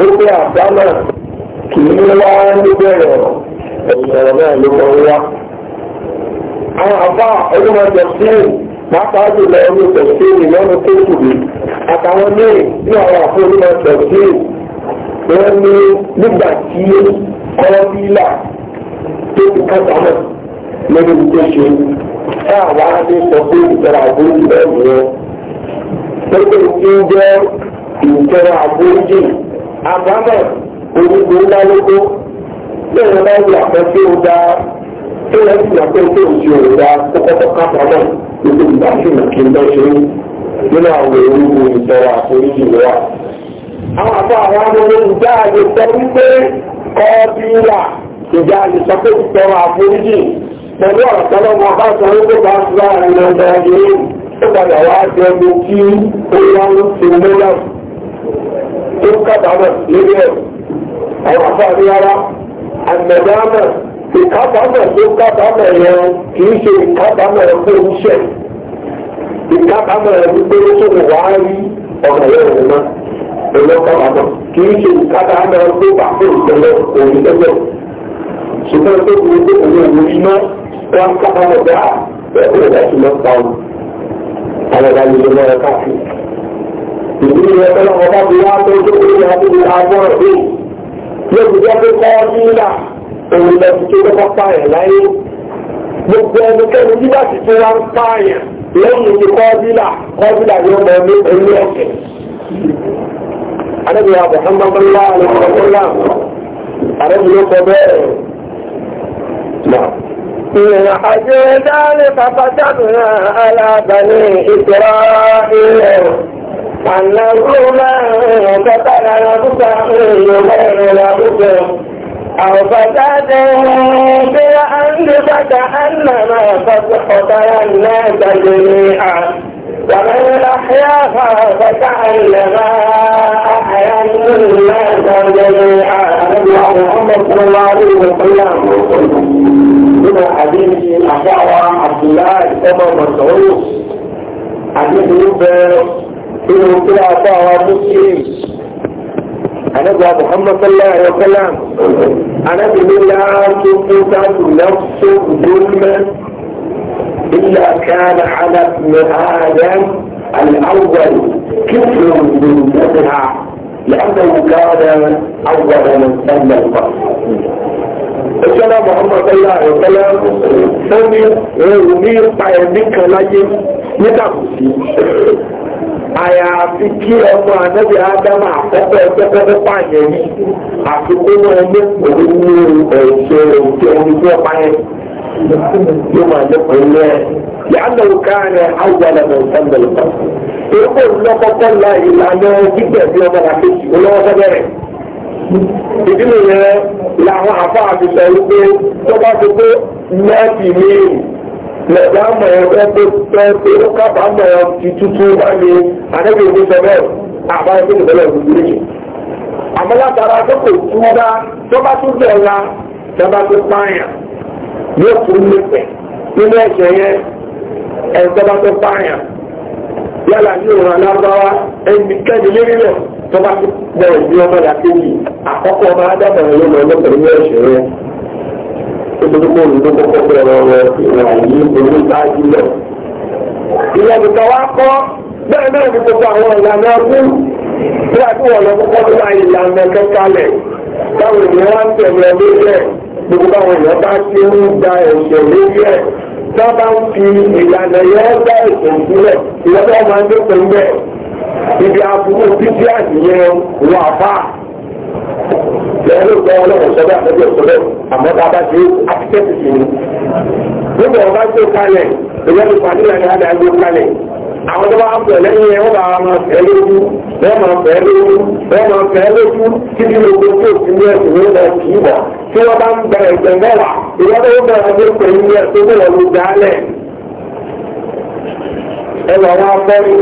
tó pé àdámà kì í wá níbẹ̀rẹ̀ ọ̀rọ̀ náà ló mọ̀ wá. àwọn àbá ọdún ọjọ́ sílẹ̀ pàápàá jùlọ ọdún ọjọ́ sílẹ̀ lọ́nà tó kùbì àtàwọn míì ní àwọn àfọ ọdún ọjọ́ sílẹ̀ wọ́n ní nígbà tí kọ́lọ́bílà tó ti kọ́ta náà lórí tó ṣe káàwá ní sọ pé ìjọra àbójì bẹ́ẹ̀ ni wọ́n. pé kí n jẹ́ ìjọra àbójì àbámọ̀ orúkọ ńlá lóko lẹ́yìn bá wù àpẹ tí ó dá tí wọ́n ti yà pé tí òjò ò dá kókó tó ká pamọ́ nípa ìgbà tí mo kì í bẹ́ ṣe nínú àwọn orúkọ ìtọ́wà àforíjì wa. àwọn àbọ̀ àwọn amúlé ìjà àgbè sọ wípé kọ́ bí wà ìjà àgbè sọ pé ìtọ́wà àforíjì pẹ̀lú ọ̀rọ̀ tọ́lọ́mọ bá sọ wípé bá ń bá àwọn ọmọ ọmọ yìí ó padà wá jẹ́ mi kí ó yá ń ṣe mọ́lá tó ń kábàámọ̀ lórí ẹ̀ àwọn àfààní ara àmẹ̀dáàmọ̀ ìkábàámọ̀ tó ń kábàámọ̀ yẹn kì í ṣe ìkábàámọ̀ ẹgbẹ́ oníṣẹ́ ìkábàámọ̀ ẹgbẹ́ tó ń wá rí ọ̀nà yẹn rẹ̀ náà ẹ̀rọ kábàámọ̀ kì í ṣe ìkábàámọ̀ ẹgbẹ́ bàbá ìṣẹ̀lẹ̀ òní ẹgbẹ́ ṣùgbọ́n tó kù ní òun òun iná wọn kábàámọ̀ bẹ́ẹ̀ ẹ̀kọ́ ìdájọ́ náà pa ọ́n àwọn ìdájọ́ káàkiri ìdí ìyẹn tọ́lọ́ ọba bí wá tó tó kó ìyá tó ìyá agbọ́rọ̀ bí yóò fi jẹ́ pé kọ́ nílà òun lọ sí tó kọ́ pààyàn láyé gbogbo ẹnikẹ́ni nígbà tí tó wá ń pààyàn lẹ́yìn ní kọ́ nílà kọ́ nílà ni wọ́n mọ̀ ní ẹni ọ̀sẹ̀. Adébíyà Mùhàmmadu Alhamdulilá Adébíyà sọ bẹ́ẹ̀ Ìrìnàjò dálé pàpàtàkùnrin alábàáni ìtura ilẹ̀. أنه من قتل نفسا غير نفسه أو فساد في الأرض فكأنما قد قتل الناس جميعا ومن أحياها فكأنما أحيا الناس جميعا محمد صلى الله عليه وسلم من حديث أخوة عبد الله بن مسعود حديث يبقى nínú kíra bá wa muslim anabi wa muhammad sallallahu alaihi wa sallam anabi ni láàtú kúta tù lọ́sọ̀ dùnmẹ́ ilà kánà ala ibn adam al-awwal kìtìlù dùnmẹ́ta لأنه كان أول من سمى القرآن ìṣẹ́lá Muhammad ọlá ìrọ̀lá ó ní ẹ̀rù ní ìpa ẹ̀mí kan láyé nígbà kò sí àyàfi kí ọmọ ànábì ádámà àkọ́kọ́ ẹgbẹ́gbẹ́ pààyàn yìí àti kó wọn ẹgbẹ́ pẹ̀lú ní ẹ̀ṣẹ̀ ẹ̀ṣẹ̀ omi tí wọ́n pa yẹn yóò máa lé pẹ̀lú ẹ̀ yàtọ̀ káàrin àwùjọ àlàmọ̀ ìsàlẹ̀ èkó lọ́kọ́kọ́ la ìlànà gbígbẹ̀ bí ọmọ làkè olówó sẹ́bẹ̀rẹ̀ ìdílé yẹn làwọn àfáà fi sọ wípé tó bá ti pé mẹ́ẹ̀tì mìíràn lẹ̀dá mọ̀ ẹgbẹ́ tó tẹ́ pé ó kábà mọ̀ ẹ ti tútú wá ní àdébí ìwé sọ bẹ́ẹ̀ àbá ẹgbẹ́ ìbẹ̀lẹ̀ ìwé yìí. àmọ́ látara tó kò tú bá tó bá tún bẹ̀ la tẹ́bá tó pààyàn yóò tún nípẹ̀ nínú ẹ̀ṣẹ̀ yẹn ẹ̀ tẹ́bá tó pààyàn yálà ní òun alábáwá ẹni kẹ́ni lérí rẹ̀ tó bá tún bẹ̀rẹ̀ ní ọmọ nítorí kó ní tó kọ́kọ́ fẹ́ ọ̀rọ̀ rẹ̀ ìràyí orí ìtajú lẹ̀. ìyẹn nìkan wá kọ́ bẹ́ẹ̀ náà ní gbogbo àwọn ìlànà ẹkú bí àdúgbò lọ kọ́kọ́ tó máa ìlànà kẹ́kálẹ̀ báwo ni wọ́n ń tẹ̀lé ẹ lórí ẹ̀ gbogbo àwọn èèyàn bá ti ń gba ẹ̀ṣẹ̀ lórí ẹ̀ tó bá ń fi ìlànà yẹn gbá ẹ̀ṣẹ̀ sílẹ̀ ìwọ́n tó máa ń dé pẹ̀lú ẹ̀ ibi àbúrò bíbí àdìyẹ wà fáà lẹ́yìn ló gbọ́ ọlọ́run sọ́dọ̀ àtẹ́jọ́ sọ́dọ̀ àmọ́ tá a bá ṣe àtẹ́tì sí ni. nígbà wọn bá gbé kalẹ̀ ìyá mi pàdé náà ní adé agbó kalẹ̀ àwọn tó bá ń pẹ̀ lẹ́yìn ẹ̀ wọ́n bá máa fẹ́ lójú wọ́n máa fẹ́ lójú wọ́n máa fẹ́ lójú títí lóko tí ò sí ní ẹ̀sìn ní ọ̀dà kì í wà tí wọ́n bá ń bẹ̀rẹ̀ ẹ̀gbẹ̀ ìyá tó ń bẹ̀rẹ̀ ẹ̀gbẹ̀ pẹ̀lú ní ẹ̀sìn ní ọ̀dà dálẹ̀ ẹ̀ lọ́wọ́ afẹ́rù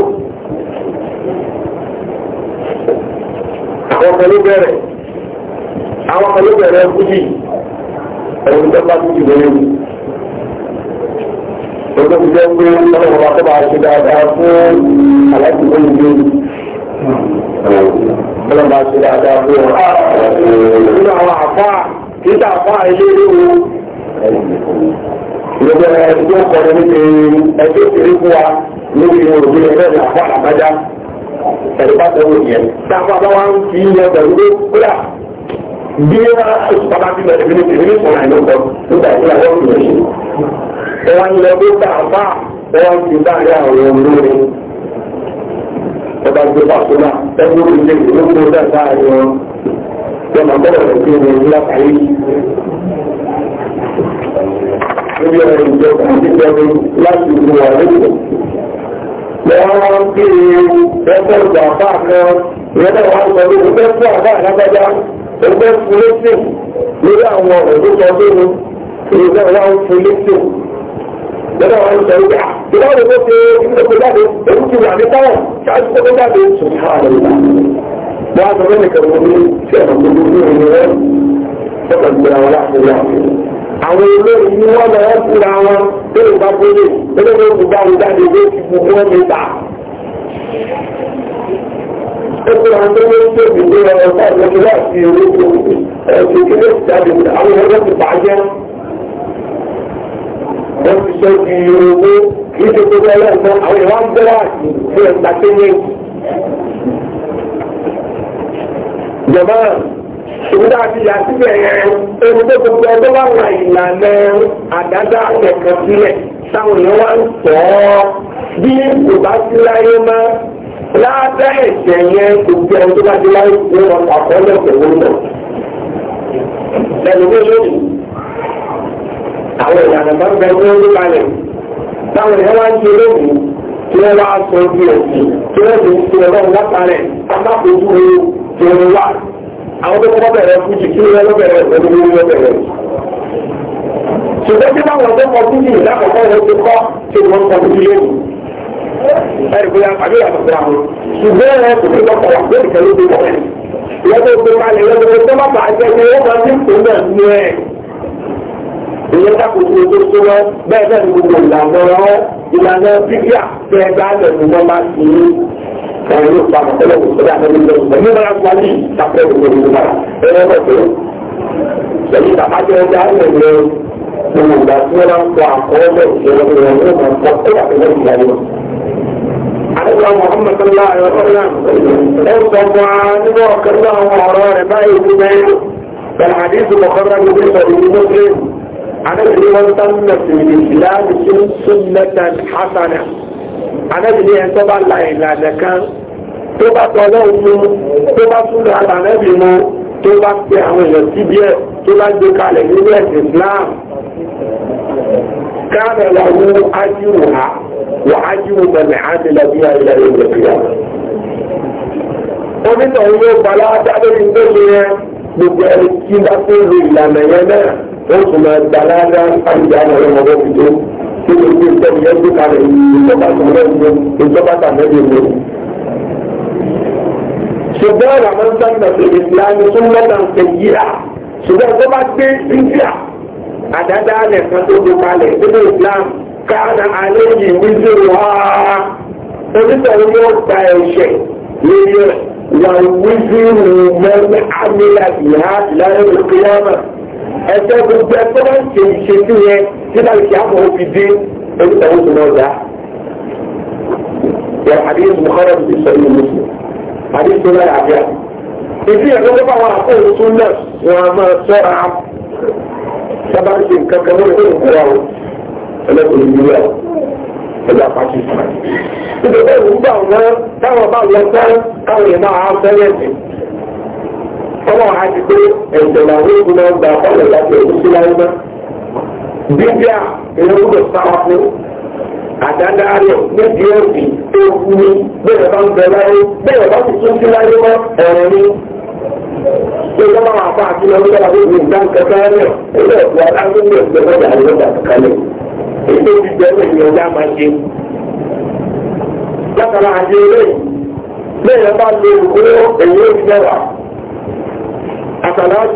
àwọn kan ló bẹ̀rẹ̀ àwọn kan ló bẹ̀rẹ̀ fújì ẹ̀rọ tó bá fújì lórí ọjọ́ ti jẹ́ pé ọlọ́run bá tó bá ṣe dáadáa fún aláìsí tó ń gbé ọlọ́run bá ṣe dáadáa fún ọ. Ah! nínú àwọn àfa kì í ta àfa ilé ìlú ìjọba ẹgbẹ́ ọkọ̀ ní ẹgbẹ́ òkèrè fún wa lórí òrògbé ẹgbẹ́ ìlú àfa pẹ̀lú pàtó wò yẹn táwọn bá wá ń fi yẹn pẹ̀lú pé kúrà bí wọn bàbá bí bẹ̀rẹ̀ bí ní ní sọ̀rọ̀ àìní ọ̀gbọ́n nígbà tí àwọn ọ̀gbìn yẹn ṣe wọn lọ bí bá a bá wọn ti bá a rí àwọn olóore ọba gbé pàtó náà ẹgbẹ́ òkú ilé ìlú tó dá bá a yọ yọ màá bọ̀ bẹ̀rẹ̀ sí ní ìlú àkàyè níbi ọ̀rọ̀ ìjọba àti lọ́wọ́ wọn gbé ewu àbá kan ìrẹ́lẹ̀ wọn sọ pé òun fún àbá àlágbájá òun fún lẹ́sìn lórí àwọn ọ̀rọ̀ tó sọ pé òun ìrẹ́lẹ̀ fún lẹ́sìn lọ́dọ̀ wọn sọ pé ìdáwọ̀ tó ṣe ìdókòó jáde òun ti wà ní táwọn ṣáájú tó jáde sùn káàdì ìgbà wọ́n sọ pé nìkan mo ní tí ẹ̀rọ abúlé olóògbé olùgbàwò jáde ló ti mú wọn níta. ó fi hàn tó lórí tó bí lé ọ̀rọ̀ náà lọ́jọ́ láti èrò tó ẹ̀sìn kí ló ti jáde níta àwọn ọ̀rọ̀ ti bàjẹ́. wọ́n ti sọ di owó kí ṣe tó bẹ́ẹ̀ lọ́sàn àwọn ìwà ń bẹ́rẹ̀ àti ṣe ẹ̀ta kéwé. jọba ìgbà àti ìyá sílẹ̀ yẹn ẹni tó gbogbo ẹgbẹ́ wà wà ìlànà àdáda ẹ̀kan sílẹ̀ táwọn èèyàn wá ń sọ ọ́ bí kò bá sí láyé mọ́ lábẹ́ ẹ̀sẹ̀ yẹn kò gbé ẹni tó bá sí láyé wọ́n lọ pàpọ̀ lẹ́sẹ̀ wọ́n lọ. lẹ́nu tó lónìí àwọn ìlànà bá bẹ ní orí balẹ̀ táwọn èèyàn wá ń ṣe lónìí tí wọ́n wá sọ bí ẹ̀sìn tí wọ́n sì ń ṣe ọlọ́run látàrẹ̀ aláfojú ooru tí wọ́n wá. àwọn tó kọ́ bẹ̀rẹ̀ fújì kí wọ́n lọ bẹ̀rẹ̀ ṣùgbọ́n tí báwọn tó kọ bíbí lákòókò wọn ti kọ́ tí wọ́n kọ bíbí lónìí. ẹ̀rì bóyá àbí yàtọ̀ síra wọn ṣùgbọ́n wọn kò tí lọ́kọ̀ wà lórí kẹ́lẹ́ tó wọ́n lọ́dọ̀ tó máa lè lọ́dọ̀ tó máa bàa jẹ́ ní wọ́n máa ní ìpín náà ní ẹ̀. ìyẹn sàkóso tó tó lọ bẹ́ẹ̀ bẹ́ẹ̀ ni gbogbo ìlànà ìlànà bíbí àfẹ́ bá lẹ̀ ní wọ́n máa sì ní ẹ̀rọ yóò pa àkọsílẹ̀ òṣèlú àtẹnudẹ́ ìgbà nígbà wọ́n ní ìtàkùrẹ́ òṣèlú ìgbà ẹ̀rọ náà tó lẹ́yìn tàbájọ́ ẹja ẹ̀rọ nínú ìgbà tí wọ́n máa ń kọ àkọọ́lẹ̀ ìṣẹ̀lẹ̀ ìrìn àjò máa ń kọ tó wà nínú ìgbà yìí. Àdúgbò Mùhàmmad Sallá Ayọ̀sọ́lá ẹ̀ ń sọ fún wa nínú ọ̀kan náà àwọn ọ̀rọ̀ rẹ̀ báyìí ti bẹ́ẹ̀ bẹ̀rẹ̀ àdéhùn mọ̀kànlá ní bí sọ̀rọ̀ ní Mùsùlùm. Àdébìlì wọn sánmà sí ìsìláàmù tí ń súnmẹ́ta hasana. Àdébìlì ẹ̀ tó bá la ìlànà kan tó bá tọ́lọ́ mu tó bá súnmọ́ àlànà bì mu tó bá pe àwọn èèyàn síbi ẹ̀ tó bá gbé kalẹ̀ nínú ẹ̀sìn Islam. كان له أجرها وأجر من عمل بها إلى يوم القيامة onítọ̀hún yóò balá dábẹ́rì tó ṣe yẹn gbogbo ẹni tí bá tó lu ìlànà yẹn náà ó sì máa balá dá àyè àwọn ọmọ ọmọ fi tó kí ló dé ìtọ́jú yẹn tó kalẹ̀ ìjọba tàbí ẹ̀jẹ̀ ìjọba tàbí ẹ̀jẹ̀ ló. ṣùgbọ́n ramadan nàfẹ̀ẹ́ ìlànà tó mẹ́ta ń fẹ̀ yíra ṣùgbọ́n tó bá gbé síbíà àdáda alẹ̀ kan tó gbé kalẹ̀ nínú Islam káàna alẹ́ yìí wíjú wá onítọ̀rọ̀ yóò gba ẹ̀ṣẹ̀ lórí wà wíjú mẹ́rin amílà ìhá lálẹ́ òkèèyàmà ẹ̀ṣẹ̀ gbogbo ẹ̀ṣẹ̀ máa ń sí yẹn tí láti ṣe àmọ́ tó ń bá wọn àpò òṣù wọn máa sọ́ra sábà ń ṣe nǹkan kan lórí ìlú ìgbéra o ẹlẹ́kùn ìgbéra o ẹgbẹ́ apáṣẹ ìsìn. nítorí pé òun gbà wọn táwọn bá lọ sẹ́rẹ́ káwọn yẹn máa sẹ́rẹ́ ẹ̀sìn. ọmọ àti pé ẹ̀jẹ̀ làwọn èèyàn máa ń gba ọ̀lẹ̀ láti ẹ̀kú sí láyé mọ́. bíbíà èèyàn gbọ́dọ̀ sáwà fún àdáńdá rẹ̀ méjì ẹ̀sìn tó kú ní bẹ́ẹ̀ bá ń bẹ láyé bẹ́ẹ̀ bá ti tún sí láyé mọ́ ẹ̀rọ ní pé lọ́wọ́ àwọn afá àti lọ́wọ́ lọ́wọ́ ló ń dá nǹkan kan rẹ̀ ẹgbẹ́ ọ̀pọ̀ aláwọ̀ ní ọ̀pọ̀ ọjà àríwọ̀dà kalẹ̀ ètò ìgbẹ́ rẹ̀ ni ọjà máa ṣe. látara àti eléyìí lẹ́yìn bá lo òkú ẹ̀yìn òkú mẹ́wàá àtàlá